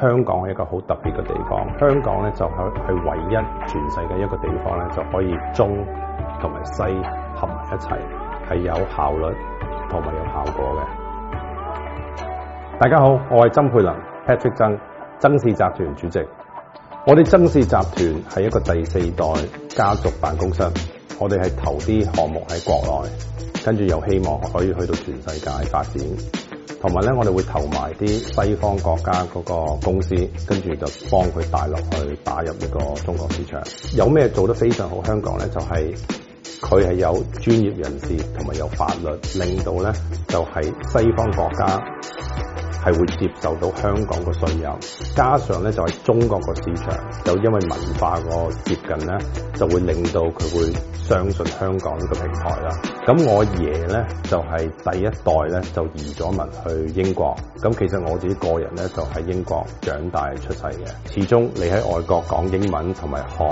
香港係一個好特別嘅地方，香港咧就係唯一全世界一個地方咧，就可以中同埋西合埋一齊，係有效率同埋有效果嘅。大家好，我係曾沛霖 Patrick 曾，曾氏集團主席。我哋曾氏集團係一個第四代家族辦公室，我哋係投啲項目喺國內，跟住又希望可以去到全世界發展。同埋咧，我哋會投埋啲西方國家嗰個公司，跟住就幫佢帶落去打入呢個中國市場。有咩做得非常好？香港咧就係佢係有專業人士，同埋有法律，令到咧就係、是、西方國家。係會接受到香港嘅信任，加上咧就係中國個市場，就因為文化個接近咧，就會令到佢會相信香港呢個平台啦。咁我爺咧就係、是、第一代咧就移咗民去英國，咁其實我自己個人咧就喺英國長大出世嘅。始終你喺外國講英文同埋學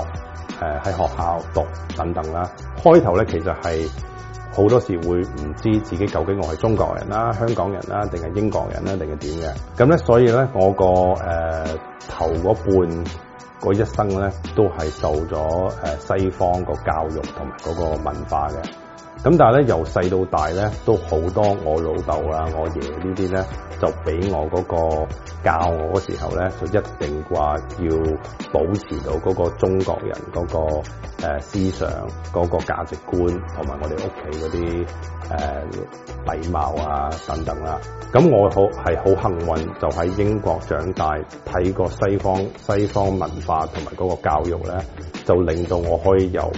喺、呃、學校讀等等啦，開頭咧其實係。好多時會唔知自己究竟我係中國人啦、香港人啦，定係英國人啦、定係點嘅？咁咧，所以咧，我個誒、呃、頭嗰半個一生咧，都係受咗誒西方個教育同埋嗰個文化嘅。咁但係咧，由細到大咧，都好多我老豆啊、我爺呢啲咧，就俾我嗰個教我嗰時候咧，就一定話要保持到嗰個中國人嗰、嗰個、呃、思想、嗰、嗰個價值觀，同埋我哋屋企嗰啲禮貌啊等等啦、啊。咁我好係好幸運，就喺英國長大，睇過西方西方文化同埋嗰個教育咧，就令到我可以由……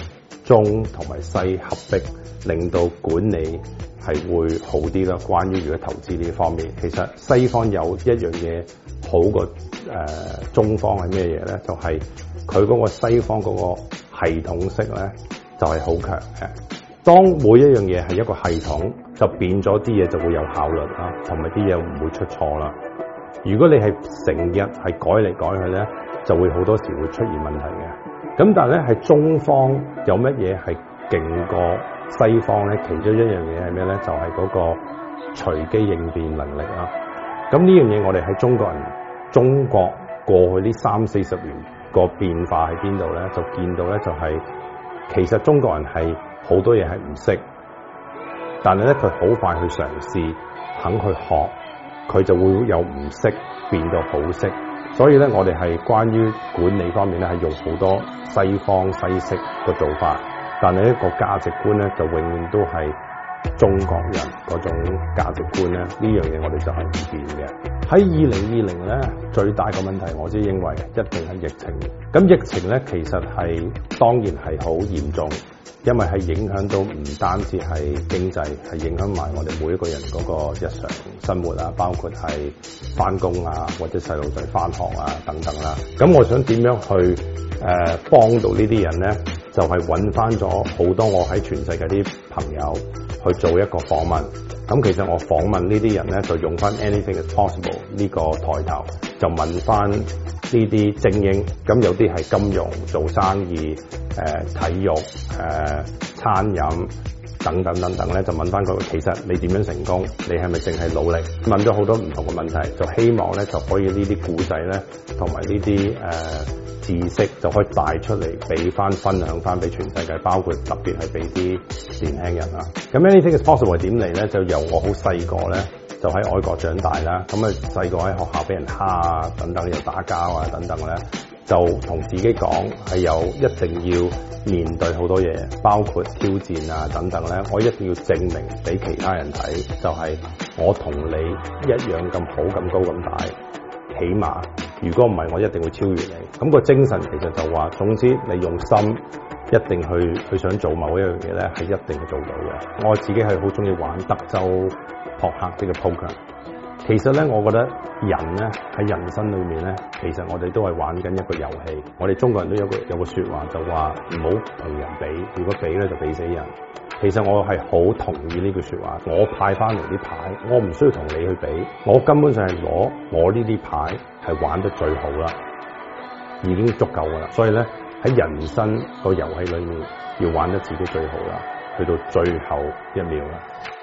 中同埋西合璧，令到管理係會好啲啦。關於如果投資呢方面，其實西方有一樣嘢好過誒、呃，中方係咩嘢咧？就係佢嗰個西方嗰個系統式咧，就係好強嘅。當每一樣嘢係一個系統，就變咗啲嘢就會有效率啦，同埋啲嘢唔會出錯啦。如果你係成日係改嚟改去咧，就會好多時會出現問題嘅。咁但係咧，係中方有乜嘢係勁過西方咧？其中一樣嘢係咩咧？就係、是、嗰個隨機應變能力啊！咁呢樣嘢，我哋喺中國人、中國過去呢三四十年個變化喺邊度咧？就見到咧，就係、是、其實中國人係好多嘢係唔識，但係咧佢好快去嘗試，肯去學，佢就會由唔識變到好識。所以咧，我哋係關於管理方面咧，係用好多西方西式嘅做法，但係呢個價值觀咧，就永遠都係。中國人嗰種價值觀咧，這我們就不的在2020呢樣嘢我哋就係唔變嘅。喺二零二零咧，最大嘅問題我自認為一定係疫情。咁疫情咧，其實係當然係好嚴重，因為係影響到唔單止係經濟，係影響埋我哋每一個人嗰個日常生活啊，包括係翻工啊，或者細路仔翻學啊等等啦。咁我想點樣去誒、呃、幫到這些人呢啲人咧？就係揾翻咗好多我喺全世界啲。朋友去做一個訪問，咁其實我訪問這些呢啲人咧，就用翻 Anything is Possible 呢個台頭，就問翻呢啲精英，咁有啲係金融、做生意、誒、呃、體育、誒、呃、餐飲等等等等咧，就問翻佢，其實你點樣成功？你係咪淨係努力？問咗好多唔同嘅問題，就希望咧就可以這些事呢啲故仔咧，同埋呢啲誒。呃知識就可以帶出嚟，俾翻分享翻俾全世界，包括特別係俾啲年輕人啊。咁 Anything is possible 點嚟咧？就由我好細個咧，就喺外國長大啦。咁啊細個喺學校俾人蝦啊，等等又打交啊，等等咧，就同自己講係有一定要面對好多嘢，包括挑戰啊等等咧。我一定要證明俾其他人睇，就係我同你一樣咁好、咁高、咁大，起碼。如果唔係，我一定會超越你。咁個精神其實就話，總之你用心一定去去想做某一樣嘢咧，係一定做到嘅。我自己係好中意玩德州撲克呢個 poker。其實咧，我覺得人咧喺人生裏面咧，其實我哋都係玩緊一個遊戲。我哋中國人都有個有個說話就話唔好同人比，如果比咧就比死人。其實我係好同意呢句說話，我派翻嚟啲牌，我唔需要同你去比，我根本上係攞我呢啲牌係玩得最好啦，已經足夠噶啦，所以咧喺人生個遊戲裏面，要玩得自己最好啦，去到最後一秒啦。